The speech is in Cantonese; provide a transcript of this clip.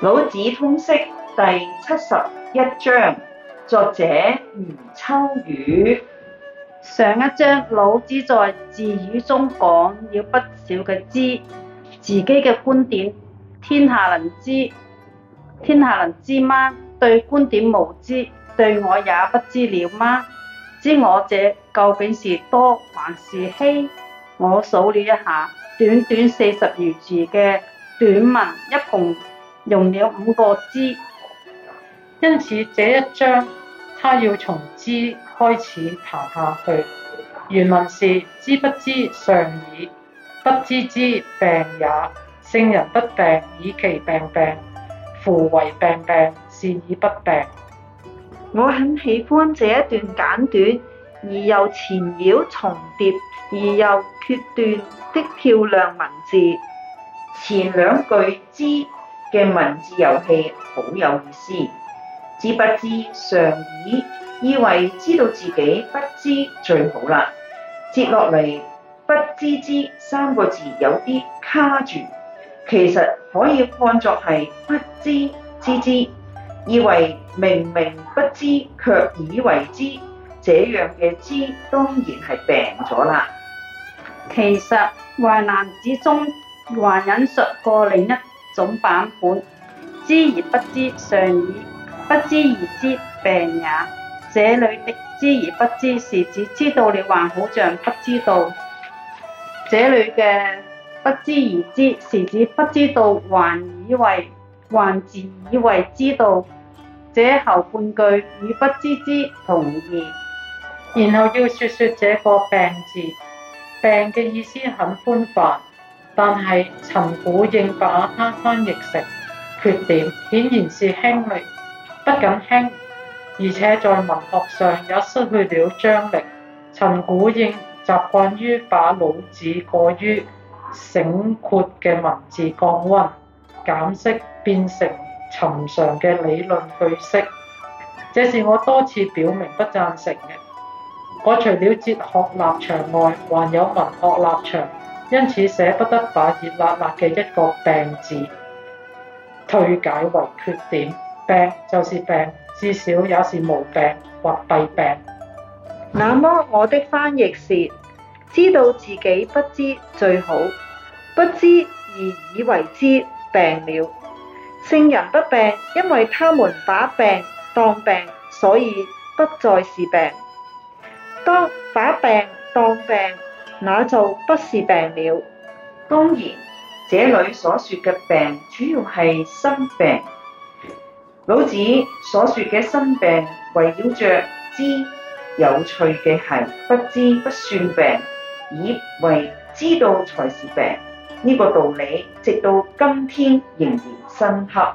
老子通識第七十一章，作者余秋雨。上一章老子在自語中講了不少嘅知，自己嘅觀點，天下能知？天下能知嗎？對觀點無知，對我也不知了嗎？知我者究竟是多還是稀？我數了一下，短短四十餘字嘅短文，一共。用了五個「知」，因此這一章他要從「知」開始談下去。原文是：知不知，上矣；不知知，病也。聖人不病，以其病病，夫唯病病，是以不病。我很喜歡這一段簡短而又纏繞重疊而又決斷的漂亮文字。前兩句「知」。嘅文字遊戲好有意思，知不知常以以為知道自己不知最好啦。接落嚟不知知三個字有啲卡住，其實可以看作係不知知之」，以為明明不知卻以為知，這樣嘅知當然係病咗啦。其實淮男》子中還引述過另一。總版本，知而不知，尚矣；不知而知，病也。這裏的知而不知，是指知道了還好像不知道，這裏嘅不知而知，是指不知道還以為還自以為知道。這後半句與不知之同義。然後要說說這個病字，病嘅意思很寬泛。但係陳鼓應把它翻譯成缺點，顯然是輕微，不僅輕，而且在文學上也失去了張力。陳鼓應習慣於把老子過於醒豁嘅文字降溫減色，變成尋常嘅理論句式，這是我多次表明不贊成嘅。我除了哲學立場外，還有文學立場。因此捨不得把熱辣辣嘅一個病字，退解為缺點。病就是病，至少也是毛病或弊病。那麼我的翻譯是：知道自己不知最好，不知而以為知，病了。聖人不病，因為他們把病當病，所以不再是病。當把病當病。那就不是病了。當然，這裡所說嘅病，主要係心病。老子所說嘅心病，圍繞着知。有趣嘅係，不知不算病，以為知道才是病。呢、這個道理，直到今天仍然深刻。